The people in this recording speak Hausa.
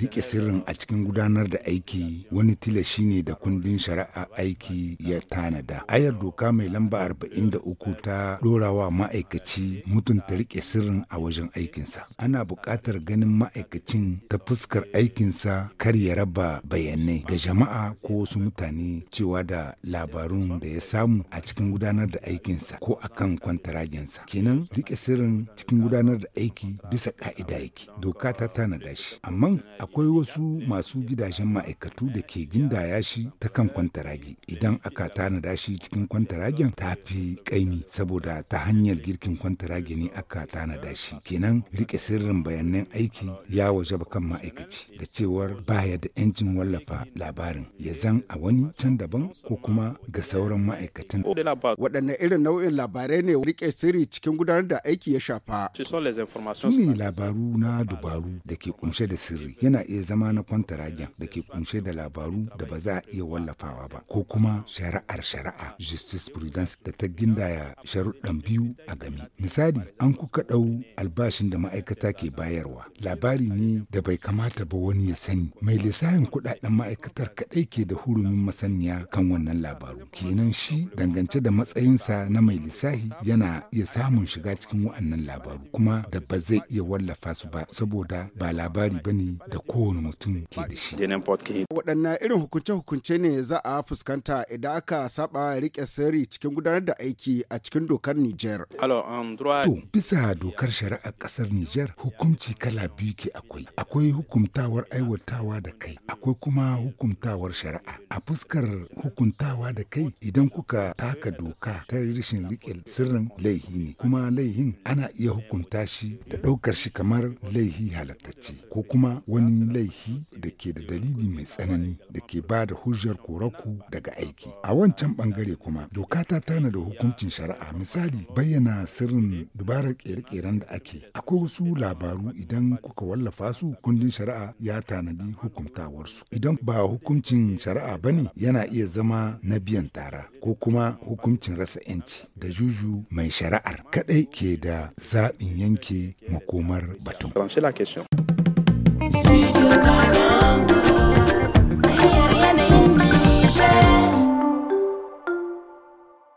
Rike sirrin a cikin gudanar da aiki wani tilashi ne da kundin shari'a aiki ya tanada. Ayar doka mai lamba 43 ta dorawa ma'aikaci mutunta rike sirrin a wajen aikinsa. Ana buƙatar ganin ma'aikacin ta fuskar aikinsa kar ya raba bayanai ga jama'a ko wasu mutane cewa da labarun da ya samu a cikin gudanar da aikinsa ko akan kwantaragensa. Kenan rike sirrin cikin gudanar da aiki bisa ka'ida yake. Doka ta tanada shi. amma akwai wasu masu gidajen ma'aikatu da ke gindaya shi ta kan kwantaragi idan aka tanada shi cikin kwantaragen ta fi kaimi saboda ta hanyar girkin kwantaragi ne aka tanada shi kenan rike sirrin bayanan aiki ya waje kan ma'aikaci da cewar baya da yancin wallafa labarin ya zan a wani can daban ko kuma ga sauran ma'aikatan waɗanne irin nau'in labarai ne rike sirri cikin gudanar da aiki ya shafa labaru na dubaru da ke kunshe da sirri yana iya zama na kwantaragen da ke kunshe da labaru da ba za a iya wallafawa ba ko kuma shari'ar shari'a justice prudence da ta gindaya sharuɗan biyu a gami misali an kuka ɗau albashin da ma'aikata ke bayarwa labari ne da bai kamata ba wani ya sani mai lissafin kuɗaɗen ma'aikatar kaɗai ke da hurumin masaniya kan wannan labaru kenan shi dangance da matsayinsa na mai lissafi yana iya samun shiga cikin wa'annan labaru kuma da ba zai iya wallafa su ba saboda ba labari ba. gani da kowane mutum ke da shi. waɗannan irin hukunce-hukunce ne za a fuskanta idan aka saba riƙe sirri cikin gudanar da aiki a cikin dokar Nijar. To, bisa dokar shari'ar ƙasar Nijar hukunci kala biyu ke akwai. Akwai hukuntawar aiwatawa da kai, akwai kuma hukumtawar shari'a. A fuskar hukuntawa da kai idan kuka taka doka ta rashin riƙe sirrin laihi ne, kuma laihin ana iya hukunta shi da ɗaukar shi kamar laihi halattacce ko kuma wani laifi da ke da dalili mai tsanani da ke ba da hujjar koraku daga aiki. A wancan bangare kuma doka ta tana da hukuncin shari'a misali bayyana sirrin dubarar kere-keren da ake. Akwai wasu labaru idan kuka wallafa su kundin shari'a ya tanadi hukuntawarsu. Idan ba hukuncin shari'a ba ne yana iya zama na biyan tara ko kuma hukuncin rasa 'yanci da juju mai shari'ar kadai ke da zaɓin yanke makomar batun. Filho da Nambu.